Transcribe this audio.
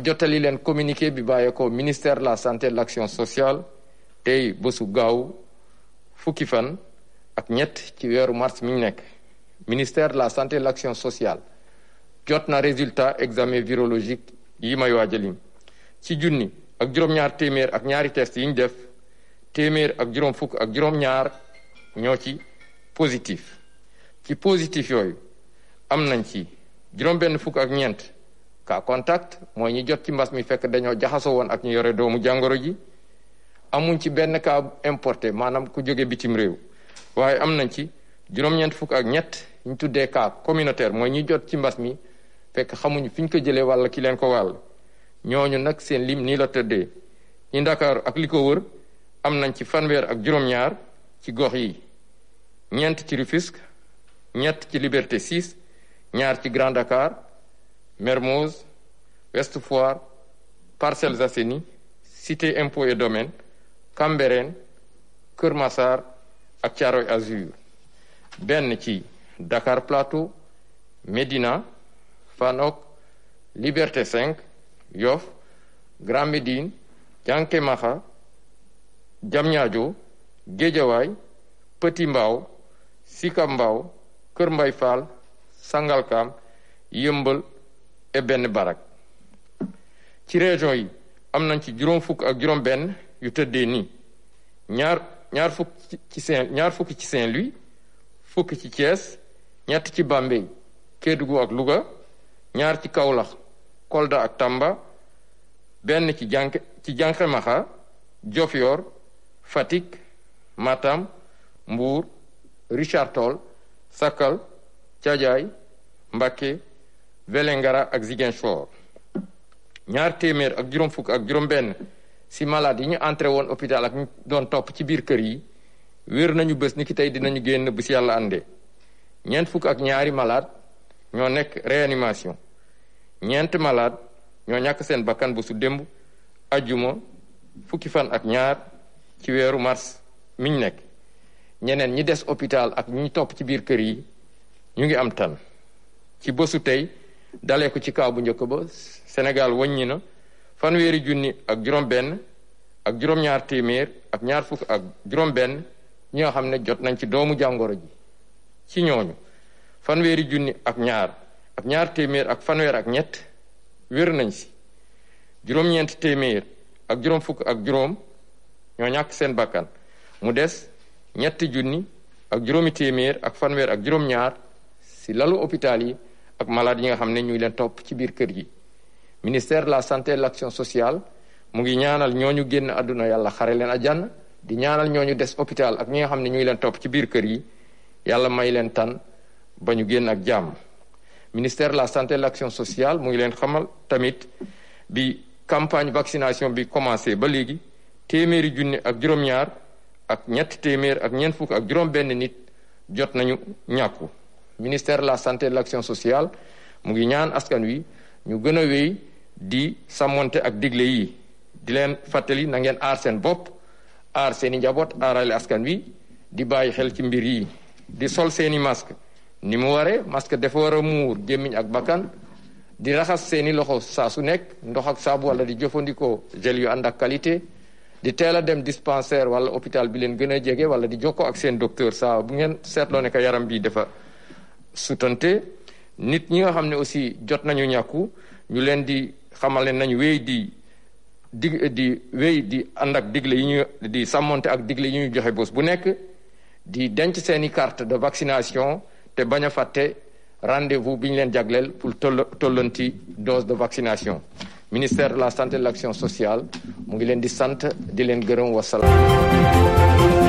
ma jottali leen communiqué bi bàyyeekoo ministère de la santé et de l'action sociale tey bésu gaaw fukki fan ak ñett ci weeru mars mi ñu nekk ministère de la santé de l'action sociale jot na résultat examen virologique yi may waaj a lim ci junni ak juróom-ñaar téeméer ak ñaari test yi ñu def téeméer ak juróom fukk ak juróom-ñaar ñoo ci positif ci positif yooyu am nañ ci juróom benn fukk ak ñeent cas contact mooy ñi jot ci mbas mi fekk dañoo jaxasoo woon ak ñu yore doomu jàngoro ji amuñ ci benn ka importé maanaam ku jóge bitim réew waaye am nañ ci juróom-ñeent fukk ak ñett ñu tuddee cas communautaire mooy ñi jot ci mbas mi fekk xamuñu fi ko jëlee walla ki leen ko wàll ñooñu nag seen lim nii la tëddee ñi Ndakaaru ak li wër am nañ ci fanweer ak juróom-ñaar ci gox yi ñeent ci Rufisque ñett ci Liberté 6 ñaar ci Grand Dakar Mermoz Ouest Foire Parcelles Assainies Cité Impôts et Domaines Cambérène ak Thiaroye Azur benn ci Dakar Plateau Médina Fann Hock Liberté 5 Yoff Grand Médine Jankémaha Diamniadio Guédiawaye Petit Mbao Sicap Mbao Kër Mbay Fall Sangalkam Yëmbal E benn barak ci région yi am nañ ci juróom fukk ak juróom benn yu tëddee ni ñaar ñaar fukk ci Saint ñaar fukki ci Saint-Louis fukki ci Thiès ñett ci Bambey Kédougou ak Louga ñaar ci Kaolack Kolda ak tàmba benn ci jànq ci Jànqemaxa Diofior Fatick Matam Mbour Richard Toll Sakal Thiadiaye Mbacké Vélingara ak Ziguinchor ñaar téeméer ak juróom fukk ak juróom benn si malade yi ñu entré woon hôpital ak ñu doon topp ci biir kër yi wér nañu bés ni ki tey dinañu génn bu si yàlla àndee ñeent fukk ak ñaari malade ñoo nekk réanimation ñeent malade ñoo ñàkk seen bakkan bu su démb ajjuma fukki fan ak ñaar ci weeru mars miñ nekk ñeneen ñi des hôpital ak ñi topp ci biir kër yi ñu ngi am tan ci bésu tey dalee ko ci kaw bu njëkk ba senegal wàññi na fanweeri junni ak juróom-benn ak juróom ak ñaar fukk xam ne jot nañ ci doomu jàngoro ji ci ñooñu fanweeri junni ak ñaar ak ñaar téeméer ak fanweer ak ñett wér nañ ci juróom-ñeent téeméer ak juróom fukk ak juróom ñoo ñàkk seen bakkan mu des ñett junni ak juróomi téeméer ak fanweer ak juróom-ñaar si lalu hôpital yi ak malade yi nga xam ne ñu ngi leen topp ci biir kër yi ministère la santé et l'action sociale mu ngi ñaanal ñooñu génn àdduna yàlla xare leen jan di ñaanal ñooñu des hôpital ak ñi nga xam ne ñu ngi leen topp ci biir kër yi yàlla may leen tan ba ñu génn ak jàmm ministère la santé et l'action sociale mu ngi leen xamal tamit bi campagne vaccination bi commencé ba léegi téeméeri junni ak juróom-ñaar ak ñett téeméer ak ñeent fukk ak juróom benn nit jot nañu ñàkku ministère la santé de l'action sociale mu ngi ñaan askan wi ñu gën a wéy di sàmmonte ak digle yi di leen fàttali na ngeen aar seen bopp aar seen i njaboot aarale askan wi di bàyyi xel ci mbir yi di sol seen i masque ni mu waree masque dafa war a muur gémmiñ ak bakkan di raxas seen i loxo saa su nekk ndox ak saabu wala di jëfandikoo gel yu ànd ak qualité di teel a dem dispensaire wala hôpital bi leen gën a jege wala di jokkoo ak seen docteur saa bu ngeen seetloo ne que yaram bi dafa sutante nit ñi nga xam ne aussi jot nañu ñàkku ñu leen di xamal ne nañ wéy di dig di wéy di ànd ak digle yi ñu di sàmmonte ak digle yi ñu joxe bés bu nekk di denc seeni carte de vaccination te bañ a fàtte rendez-vous bi ñu leen jagleel pour toll tollanti dose de vaccination ministère de la santé de l'action sociale mu ngi leen di sant di leen gërëm wasalaam